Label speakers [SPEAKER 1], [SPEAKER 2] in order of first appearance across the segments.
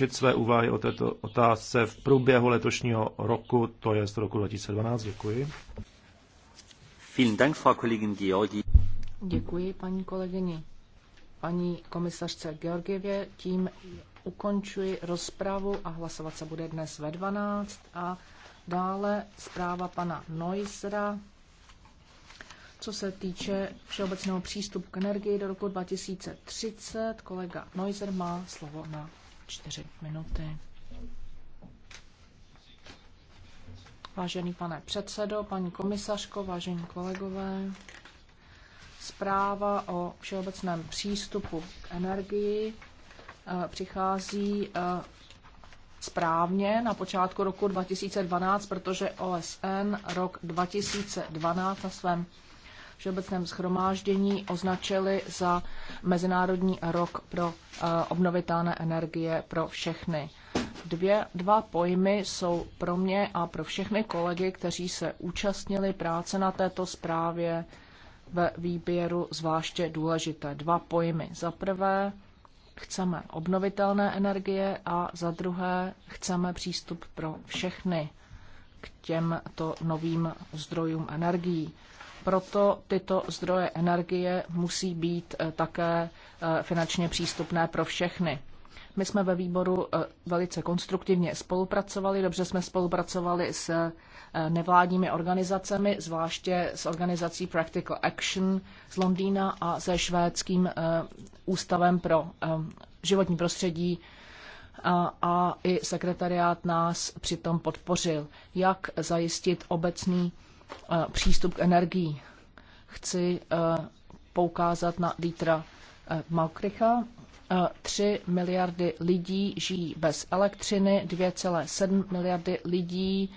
[SPEAKER 1] dokončit své úvahy o této otázce v průběhu letošního roku, to je z roku 2012. Děkuji.
[SPEAKER 2] Děkuji paní kolegyni. Paní komisařce Georgievě, tím ukončuji rozpravu a hlasovat se bude dnes ve 12. A dále zpráva pana Noisera. co se týče všeobecného přístupu k energii do roku 2030. Kolega Neuser má slovo na čtyři minuty. Vážený pane předsedo, paní komisařko, vážení kolegové, zpráva o všeobecném přístupu k energii eh, přichází eh, správně na počátku roku 2012, protože OSN rok 2012 na svém všeobecném schromáždění označili za Mezinárodní rok pro eh, obnovitelné energie pro všechny. Dvě, dva pojmy jsou pro mě a pro všechny kolegy, kteří se účastnili práce na této zprávě ve výběru zvláště důležité. Dva pojmy. Za prvé chceme obnovitelné energie a za druhé chceme přístup pro všechny k těmto novým zdrojům energií proto tyto zdroje energie musí být eh, také eh, finančně přístupné pro všechny. My jsme ve výboru eh, velice konstruktivně spolupracovali, dobře jsme spolupracovali s nevládními organizacemi, zvláště s organizací Practical Action z Londýna a se švédským ústavem pro životní prostředí a, a i sekretariát nás přitom podpořil, jak zajistit obecný přístup k energii. Chci eh, poukázat na Dietra eh, Malkricha. 3 eh, miliardy lidí žijí bez elektřiny, 2,7 miliardy lidí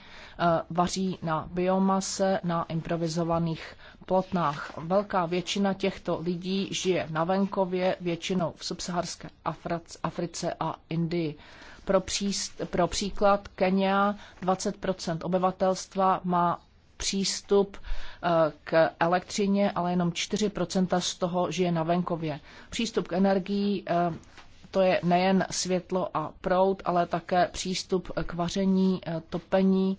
[SPEAKER 2] vaří na biomase, na improvizovaných plotnách. Velká většina těchto lidí žije na venkově, většinou v subsaharské Africe a Indii. Pro, příst, pro příklad Kenia 20 obyvatelstva má přístup eh, k elektřině, ale jenom 4% z toho žije na venkově. Přístup k energii eh, to je nejen světlo a proud, ale také přístup k vaření, eh, topení,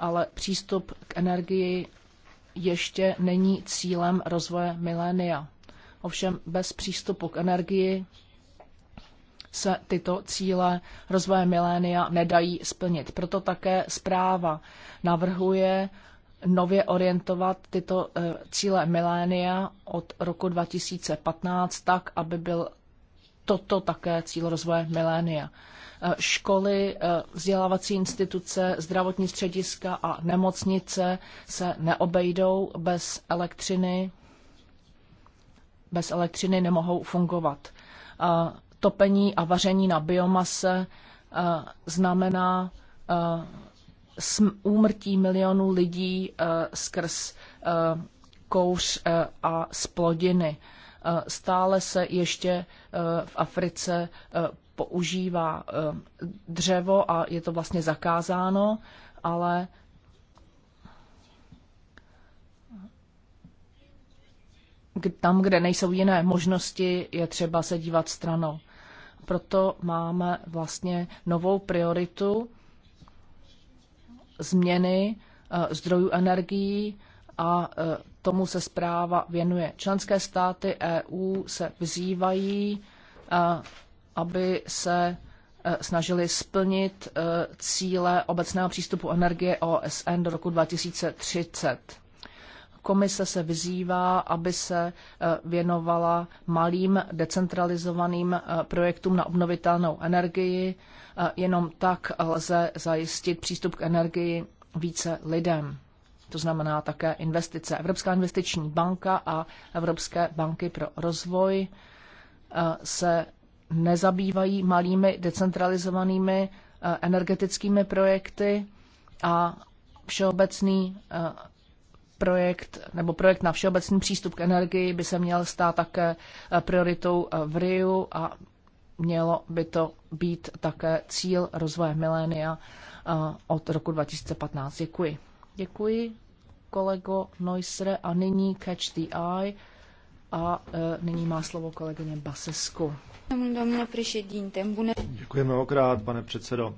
[SPEAKER 2] ale přístup k energii ještě není cílem rozvoje milénia. Ovšem bez přístupu k energii se tyto cíle rozvoje milénia nedají splnit. Proto také zpráva navrhuje nově orientovat tyto eh, cíle milénia od roku 2015 tak, aby byl toto také cíl rozvoje milénia. Eh, školy, eh, vzdělávací instituce, zdravotní střediska a nemocnice se neobejdou bez elektřiny. Bez elektřiny nemohou fungovat topení a vaření na biomase eh, znamená eh, úmrtí milionů lidí eh, skrz kouř a splodiny. Stále se ještě v Africe používá dřevo a je to vlastně zakázáno, ale tam, kde nejsou jiné možnosti, je třeba se dívat stranou proto máme vlastně novou prioritu změny eh, zdrojů energií a eh, tomu se zpráva věnuje. Členské státy EU se vyzývají, eh, aby se snažili splnit cíle obecného přístupu energie OSN do roku 2030. Komise se vyzývá, aby se e, věnovala malým decentralizovaným e, projektům na obnovitelnou energii. E, jenom tak lze zajistit přístup k energii více lidem. To znamená také investice. Evropská investiční banka a Evropské banky pro rozvoj se nezabývají malými decentralizovanými energetickými projekty a všeobecný projekt nebo projekt na všeobecný přístup k energii by se měl stát také eh, prioritou eh, v Riu a mělo by to být také cíl rozvoje milénia eh, od roku 2015. Děkuji. Děkuji, kolego Neusre. A nyní Catch the Eye. A nyní má slovo kolegyně Basesku.
[SPEAKER 1] Děkuji mnohokrát, pane předsedo.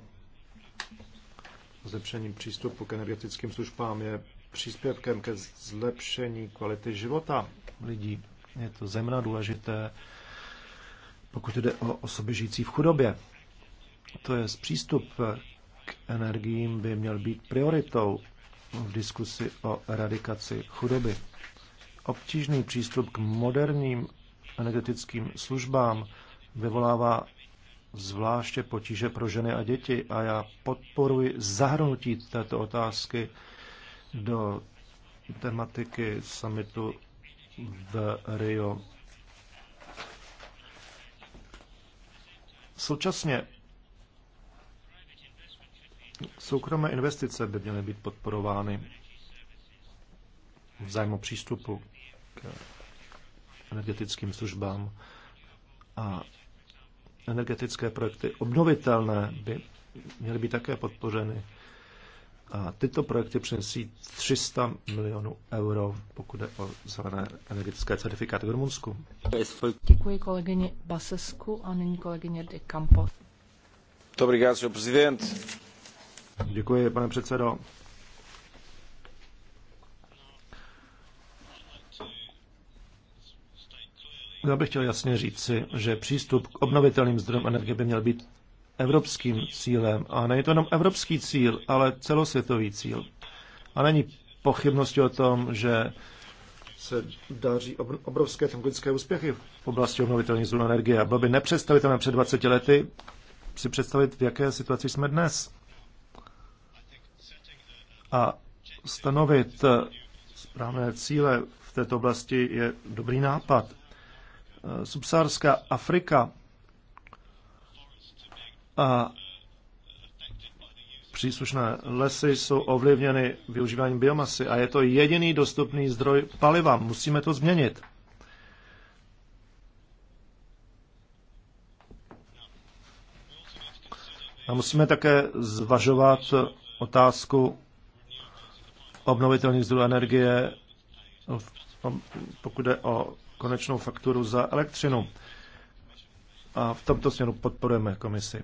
[SPEAKER 1] Zepšení přístupu k energetickým službám je příspěvkem ke zlepšení kvality života lidí. Je to zemna důležité, pokud jde o osoby žijící v chudobě. To je přístup k energiím by měl být prioritou v diskusi o eradikaci chudoby. Obtížný přístup k moderním energetickým službám vyvolává zvláště potíže pro ženy a děti a já podporuji zahrnutí této otázky do tematiky summitu v Rio. Současně soukromé investice by měly být podporovány v zájmu přístupu k energetickým službám a energetické projekty obnovitelné by měly být také podpořeny a tyto projekty přinesí 300 milionů euro, pokud je o zelené energetické certifikáty v Rumunsku.
[SPEAKER 2] Děkuji kolegyni Basesku a nyní kolegyně De
[SPEAKER 1] Campo. Děkuji, pane předsedo. Já bych chtěl jasně říci, že přístup k obnovitelným zdrojům energie by měl být evropským cílem. A není to jenom evropský cíl, ale celosvětový cíl. A není pochybnosti o tom, že se daří obrovské technologické úspěchy v oblasti obnovitelných zdrojů energie. bylo by nepředstavitelné před 20 lety si představit, v jaké situaci jsme dnes. A stanovit správné cíle v této oblasti je dobrý nápad. Subsárská Afrika a příslušné lesy jsou ovlivněny využíváním biomasy a je to jediný dostupný zdroj paliva. Musíme to změnit. A musíme také zvažovat otázku obnovitelných zdrojů energie, pokud jde o konečnou fakturu za elektřinu. A v tomto směru podporujeme komisi.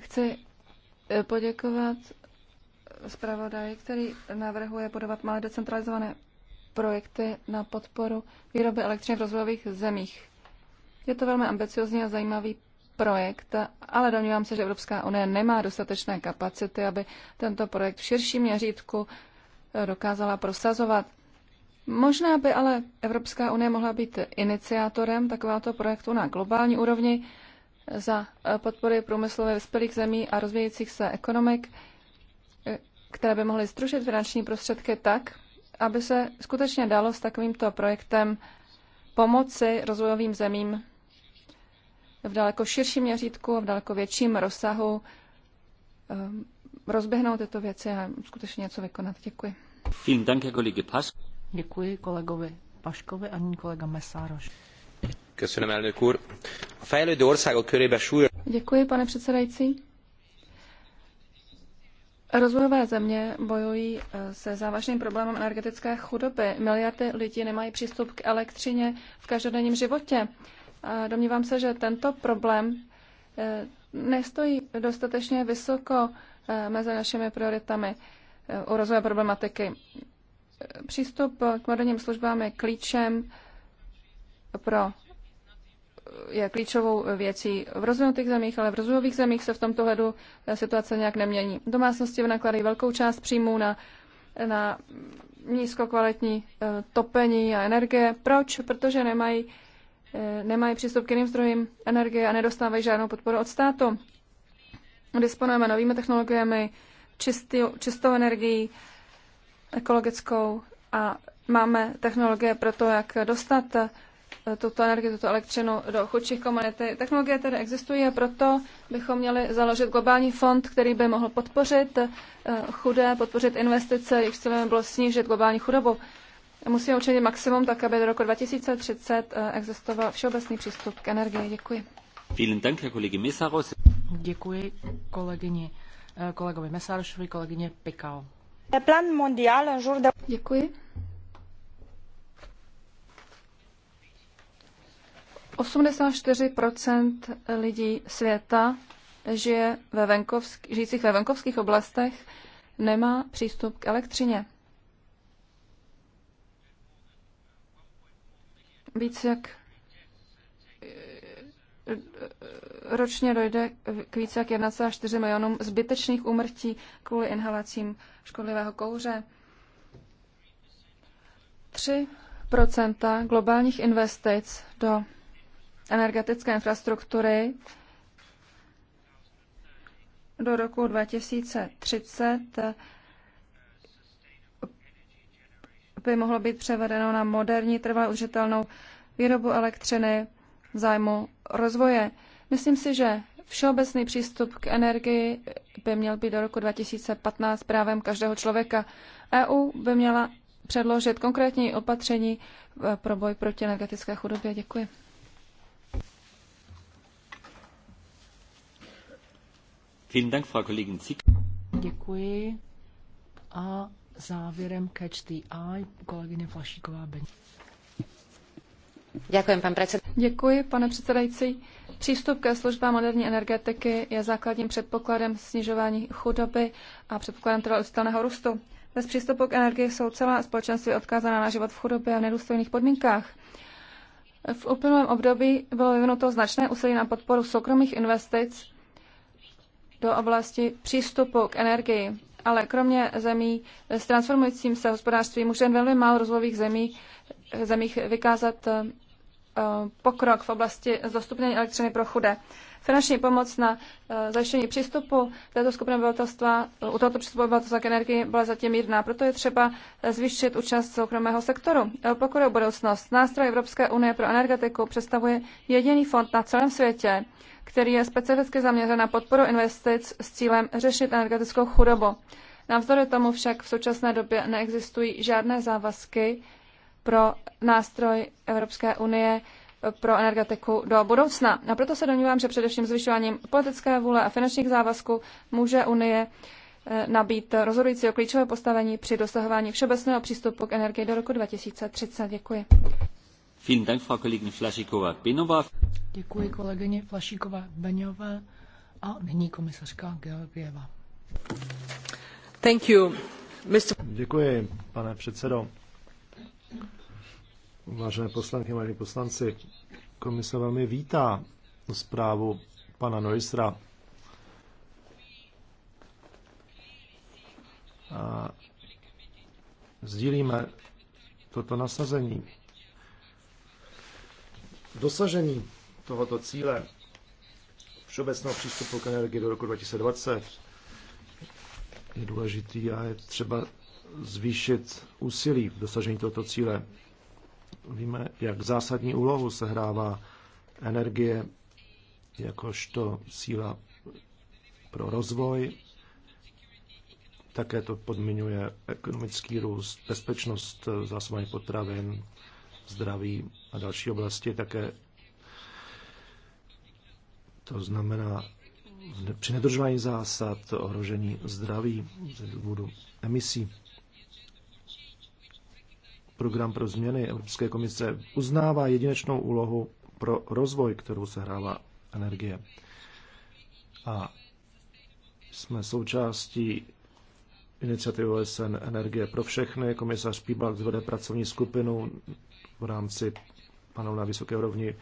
[SPEAKER 3] Chci eh, poděkovat zpravodaji, který navrhuje podovat malé decentralizované projekty na podporu výroby elektřiny v rozvojových zemích. Je to velmi ambiciozní a zajímavý projekt, ale domnívám se, že Evropská unie nemá dostatečné kapacity, aby tento projekt v širším měřítku eh, dokázala prosazovat. Možná by ale Evropská unie mohla být iniciátorem takovéhoto projektu na globální úrovni za eh, podpory průmyslové vyspělých zemí a rozvíjejících se ekonomik, eh, které by mohly združit finanční prostředky tak, aby se skutečně dalo s takovýmto projektem pomoci rozvojovým zemím v daleko širším měřítku, v daleko větším rozsahu eh, rozběhnout tyto věci a skutečně něco vykonat. Děkuji.
[SPEAKER 2] Děkuji kolegovi Paškovi a nyní kolega Mesároš
[SPEAKER 4] fejlődő országok súlyos...
[SPEAKER 3] Děkuji, pane předsedající. Rozvojové země bojují eh, se závažným problémem energetické chudoby. Miliardy lidí nemají přístup k elektřině v každodenním životě. A domnívám se, že tento problém eh, nestojí dostatečně vysoko eh, mezi našimi prioritami u rozvoje problematiky. Přístup k moderním službám je klíčem pro je klíčovou věcí v rozvinutých zemích, ale v rozvojových zemích se v tomto hledu situace nějak nemění. Domácnosti nakladají velkou část příjmů na, na nízkokvalitní eh, topení a energie. Proč? Protože nemají, eh, nemají přístup k jiným zdrojům energie a nedostávají žádnou podporu od státu. Disponujeme novými technologiemi, čistý, čistou energií, ekologickou a máme technologie pro to, jak dostat tuto energii, tuto elektřinu do chudších komunity. Technologie tedy existují a proto bychom měli založit globální fond, který by mohl podpořit eh, chudé, podpořit investice, jejich cílem bylo snížit globální chudobu. Musíme učinit maximum tak, aby do roku 2030 eh, existoval všeobecný přístup k energii. Děkuji.
[SPEAKER 2] Děkuji kolegyni, eh, kolegovi Mesarošovi, kolegyně
[SPEAKER 3] Pikal. Děkuji. 84 lidí světa žije ve venkovsk- žijících ve venkovských oblastech nemá přístup k elektřině. Víc jak eh, ročně dojde k více jak 1,4 milionům zbytečných úmrtí kvůli inhalacím škodlivého kouře. 3 globálních investic do energetické infrastruktury do roku 2030 by mohlo být převedeno na moderní, trvalou, užitelnou výrobu elektřiny v zájmu rozvoje. Myslím si, že všeobecný přístup k energii by měl být do roku 2015 právem každého člověka. EU by měla předložit konkrétní opatření pro boj proti energetické chudobě. Děkuji. Děkuji.
[SPEAKER 2] A závěrem Catch the Eye kolegyně Flašíková Beň.
[SPEAKER 3] Děkuji, pan předsed... Děkuji, pane předsedající. Přístup ke službám moderní energetiky je základním předpokladem snižování chudoby a předpokladem trvalého růstu. Bez přístupu k energii jsou celá společenství odkázaná na život v chudobě a v nedůstojných podmínkách. V uplynulém období bylo vyvinuto značné úsilí na podporu soukromých investic do oblasti přístupu k energii. Ale kromě zemí s transformujícím se hospodářstvím může jen velmi málo rozvojových zemí, zemích vykázat eh, pokrok v oblasti dostupné elektřiny pro chudé finanční pomoc na eh, zajištění přístupu této skupiny obyvatelstva, u tohoto přístupu obyvatelstva k energii byla zatím mírná. Proto je třeba eh, zvýšit účast soukromého sektoru. Eh, Pokud je budoucnost, nástroj Evropské unie pro energetiku představuje jediný fond na celém světě, který je specificky zaměřen na podporu investic s cílem řešit energetickou chudobu. Navzdory tomu však v současné době neexistují žádné závazky pro nástroj Evropské unie pro energetiku do budoucna. A proto se domnívám, že především zvyšováním politické vůle a finančních závazků může Unie eh, nabít rozhodujícího klíčové postavení při dosahování všeobecného přístupu k energii do roku 2030. Děkuji. Děkuji
[SPEAKER 2] kolegyně Flašíková Beňová a nyní komisařka Georgieva.
[SPEAKER 1] Thank you, Mr. Děkuji, pane předsedo. Vážené poslanky, vážení poslanci, komise velmi vítá zprávu pana Neustra. A sdílíme toto nasazení. Dosažení tohoto cíle všeobecného přístupu k energii do roku 2020 je důležitý a je třeba zvýšit úsilí v dosažení tohoto cíle. Víme, jak zásadní úlohu sehrává energie jakožto síla pro rozvoj. Také to podmiňuje ekonomický růst, bezpečnost zásobování potravin, zdraví a další oblasti. Také to znamená při nedržování zásad ohrožení zdraví z důvodu emisí program pro změny Evropské komise uznává jedinečnou úlohu pro rozvoj, kterou sehrává energie. A jsme součástí iniciativy OSN Energie pro všechny. Komisař Píbalk zvede pracovní skupinu v rámci panelu na vysoké rovni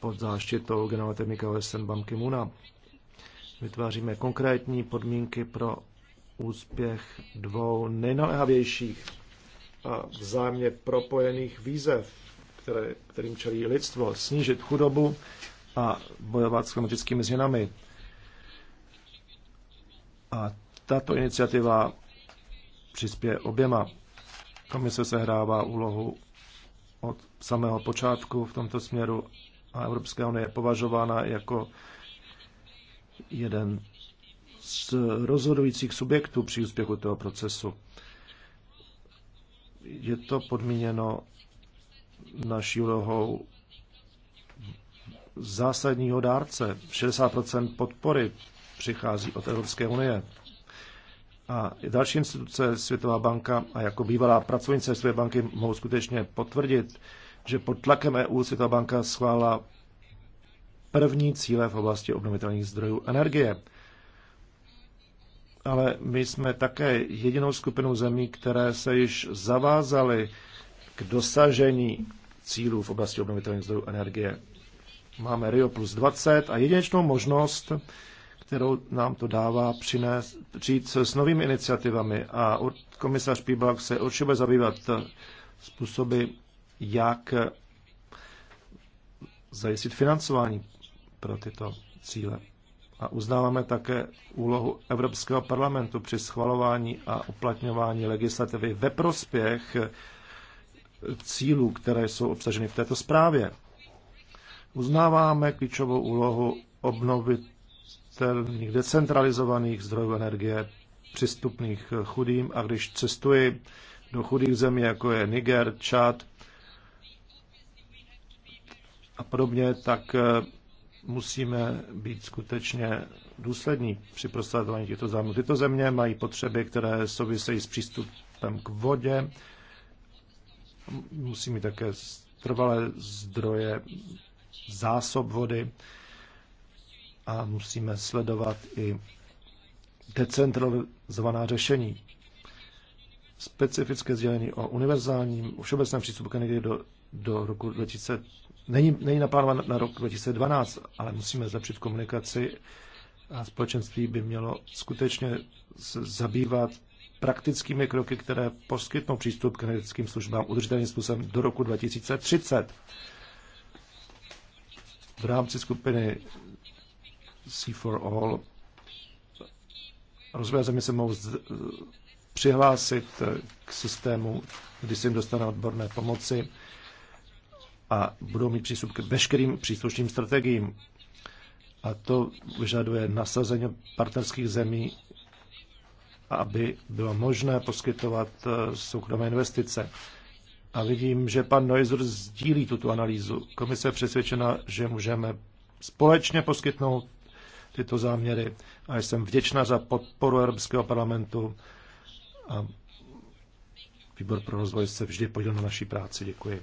[SPEAKER 1] pod záštitou generálního technika OSN Banky muna Vytváříme konkrétní podmínky pro úspěch dvou nejnaléhavějších a vzájemně propojených výzev, které, kterým čelí lidstvo, snížit chudobu a bojovat s klimatickými změnami. A tato iniciativa přispěje oběma. Komise sehrává úlohu od samého počátku v tomto směru a Evropská unie je považována jako jeden z rozhodujících subjektů při úspěchu toho procesu je to podmíněno naší úlohou zásadního dárce. 60% podpory přichází od Evropské unie. A další instituce, Světová banka a jako bývalá pracovnice Světové banky mohou skutečně potvrdit, že pod tlakem EU Světová banka schválila první cíle v oblasti obnovitelných zdrojů energie ale my jsme také jedinou skupinou zemí, které se již zavázaly k dosažení cílů v oblasti obnovitelných zdrojů energie. Máme Rio plus 20 a jedinečnou možnost, kterou nám to dává přinést, přijít s novými iniciativami a komisař Píbalk se určitě bude zabývat způsoby, jak zajistit financování pro tyto cíle a uznáváme také úlohu Evropského parlamentu při schvalování a uplatňování legislativy ve prospěch cílů, které jsou obsaženy v této zprávě. Uznáváme klíčovou úlohu obnovitelných decentralizovaných zdrojů energie přistupných chudým a když cestuji do chudých zemí, jako je Niger, Čad a podobně, tak musíme být skutečně důslední při prosazování těchto zájmů. Tyto země mají potřeby, které souvisejí s přístupem k vodě, musí mít také trvalé zdroje zásob vody a musíme sledovat i decentralizovaná řešení. Specifické sdělení o univerzálním, všeobecném přístupu k energii do do roku 2000, není, není naplánován na rok 2012, ale musíme zlepšit komunikaci a společenství by mělo skutečně zabývat praktickými kroky, které poskytnou přístup k energetickým službám udržitelným způsobem do roku 2030. V rámci skupiny C4All rozvoje země se mohou přihlásit k systému, kdy se jim dostane odborné pomoci a budou mít přístup k veškerým příslušným strategiím. A to vyžaduje nasazení partnerských zemí, aby bylo možné poskytovat eh, soukromé investice. A vidím, že pan Neuser sdílí tuto analýzu. Komise je přesvědčena, že můžeme společně poskytnout tyto záměry a jsem vděčná za podporu Evropského parlamentu a výbor pro rozvoj se vždy podíl na naší práci. Děkuji.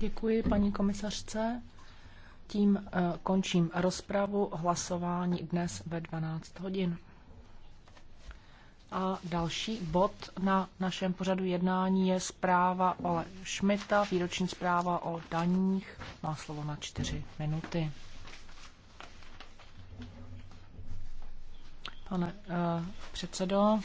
[SPEAKER 2] Děkuji paní komisařce. Tím eh, končím rozpravu hlasování dnes ve 12 hodin. A další bod na našem pořadu jednání je zpráva Ole Šmita, výroční zpráva o daních. Má slovo na čtyři minuty.
[SPEAKER 3] Pane uh, předsedo,